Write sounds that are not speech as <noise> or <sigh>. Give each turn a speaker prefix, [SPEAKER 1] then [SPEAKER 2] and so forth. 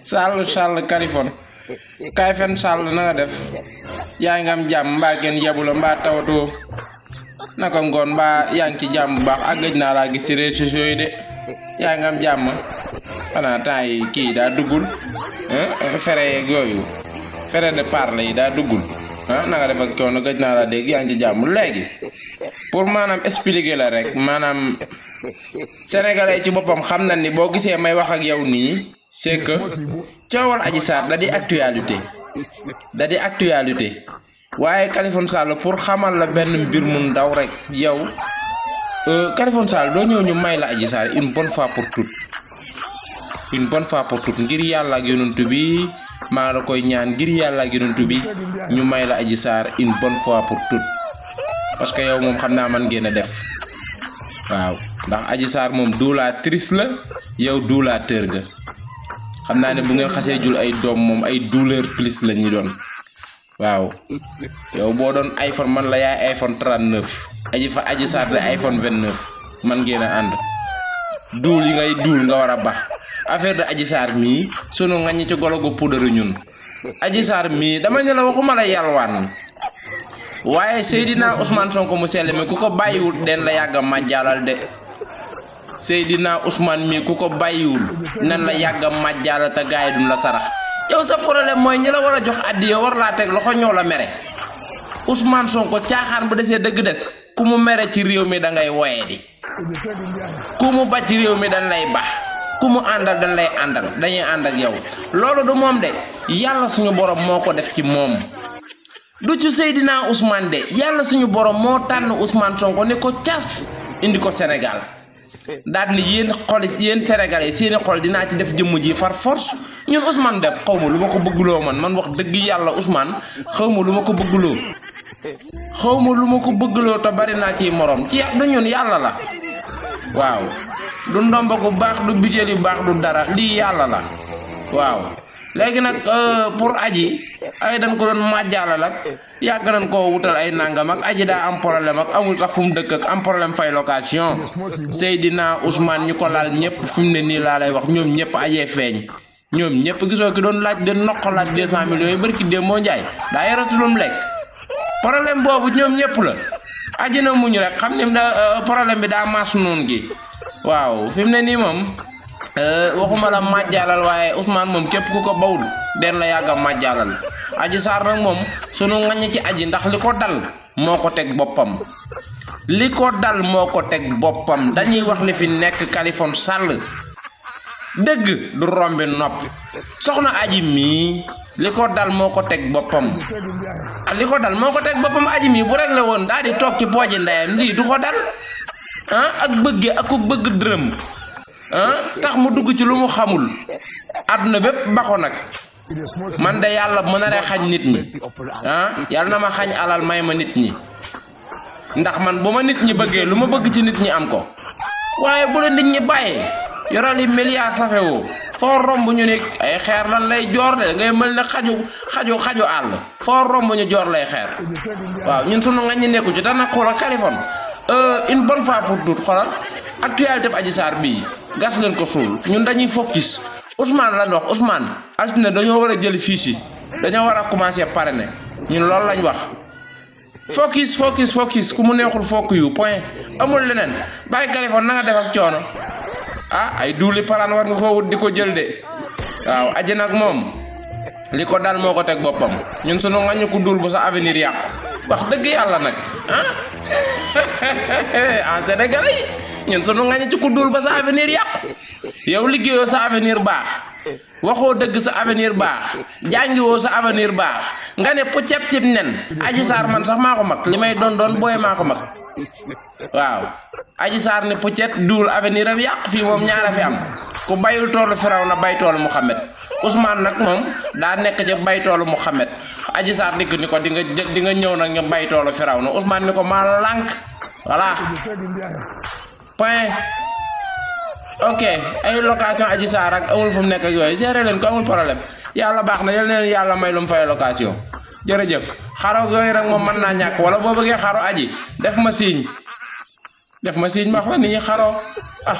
[SPEAKER 1] <laughs> Sall Sall kalifon kaay fen Sall na def yaa ngi am jàmm mbaa kenn yabula mbaa tawatoo naka ngoon mbaa yaa ci jàmm bu baax ak gëj naa laa gis ci sociaux yi de yaa ngi am jàmm xanaa temps yi kii daa duggul fere yeeg yooyu fere de parler yi daa duggul. ah na nga def ak coono gëj naa la dégg yaa ngi ci jàmm pour manam expliquer la rek manam sénégalais ci bopam xam na ni bo gisé may wax ak yow ni c'est que ciowal aji sar da di actualité da di actualité waye Kalifon Sall pour xamal la benn mbir mu ndaw rek yow euh, Kalifon Sall do ñëw ñu may la aji sar une bonne fois pour toutes une bonne fois pour toutes ngir yalla ak yonentou bi ma la koy ñaan ngir yàlla gi yonent bi ñu may la aji Sarr une bonne fois pour tout parce que yow moom xam naa man ngeen a def waaw ndax aji Sarr moom doulatrice la yow doulateur ga xam naa ne bu ngeen xasee jul ay doom moom ay douleur plus la ñu doon waaw yow boo doon iPhone man la yaay iPhone 39 aji fa aji Sarr de iPhone 29 man ngeen a ànd. Dul yi ngay dul nga wara bax affaire de aji sar mi sunu ngagne ci golo gu ñun aji sar mi dama ñu la waxuma la yalwaan waye sayidina ousmane sonko mu sell mi ku den la ma jalal de sayidina ousmane mi kuko bayiwul nan la ma màjjaalal ta gaay dum la sarax yow sa problème moy ñi la war jox addiya war laa loxo ñoo la mere ousmane sonko tiaxar bu déssé deug kumu méré ci réew mi da ngay di ku mu bàcc réew mi dañ lay baax ku mu àndal dañ lay àndal dañuy ànd ak yow loolu du moom de yàlla suñu borom moo ko def ci moom du ci Seydina usmaan de yàlla suñu boroom moo tànn Ousmane Sonko ne ko cas indi ko Sénégal daal ni yéen xol yéen sénégalais seeni xol dinaa ci def jëmm ji far force ñun Ousmane de xaw ma lu ma ko bëgguloo man man wax dëgg yàlla Ousmane xaw ma lu ma ko bëggloo xaw ma lu ma ko bëggloo te bari naa ciy morom ci du ñun yàlla la. waaw du ndomba gu baax du bijeel yu baax du dara lii yàlla la waaw léegi nag euh, pour aji ay dañ ko doon màjjaalal ak yàgg nañ koo wutal ay nangam ak aji daa am problème ak amul sax fu mu dëkk ak am problème fay location Seydina Ousmane ñu ko laal ñëpp fi mu ne nii laa lay wax ñoom ñëpp ajee feeñ ñoom ñëpp gisoo ki doon laaj de noq laaj 200 millions yi barki démb moo njaay daa yoratu lu mu lekk problème boobu ñoom ñëpp la ajana muñu rek xam da euh, problème bi da mass non gi waaw fimne ni mom euh waxuma la majjalal waye Ousmane mom kep kuko bawul den la yaga majjalal aji sar nak mom sunu ŋaññi ci aji ndax liko dal moko tek bopam liko dal moko tek bopam dañuy wax li fi nek Kalifon sal deug du rombe nop soxna aji mi li ko dal moo ko teg boppam ah, li ko dal moo ko teg boppam aji mi bu rek la woon daal di toog ci pooji ndeyam lii du ko dal ah ak bëgge ak bëgg dërëm ah tax mu dugg ci lu mu xamul àdduna bépp bako nag man de yàlla mën a ree xañ nit ñi ah yàlla na ma xañ alal may ma nit ñi ndax man bu ma nit ñi bëggee lu ma bëgg ci nit ñi am ko waaye bu la nit ñi bàyyee yoral safewoo foo romb ñu ne ay xeer lan lay joor de ngay mel ne xaju xaju xaju àll foo romb ñu joor lay xeer waaw ñun sunu nga ñu nekku ci dana xoolal Kaliphone euh, une bonne fois pour tout xoolal actualité bi Adji Sarr bii gas leen ko suul ñun dañuy focus Ousmane lañ wax Ousmane altine dañoo war a jëli fii si dañoo war a commencé parrainer ñun loolu lañ wax focus focus focus ku mu neexul fokk yu point amul leneen bàyyi Kaliphone na nga def ak coono. ah ay duuli paraan war nga ko di ko jël de waaw aji nag moom li ko daal moo ko teg boppam ñun sunu ngañu ku duul bu sa avenir yàqu wax dëgg yàlla nag ah <laughs> en sénégalais ñun sunu ngañu ci ku duul ba sa avenir yàqu yow liggéeyoo sa avenir baax. waxoo dëgg sa avenir baax jàngiwoo sa avenir baax nga ne po ceeb cib nen aji saar man sax maa ko mag li may doon doon booy maa ko mag waaw aji saar ne pucet duul avenir am yàq fii moom ñaara fi am ku bayul toolu firaw na bay toolu Muhammad Ousmane nag moom daa nekk ci bay toolu Muhammad aji saar dikk ni ko di nga di nga ñëw nag ñu bay toolu firaw na Ousmane ni ko maa lànk voilà point ok ay location Adji Sarr ak awul fu mu nekk ak yooyu gérer leen ko amul problème yàlla baax na yal na leen yàlla may lu fay location jërëjëf xaro yooyu rek moom mën naa ñàkk wala boo bëggee xaro aji def ma signe def ma signe ma wax la ni ñuy ah.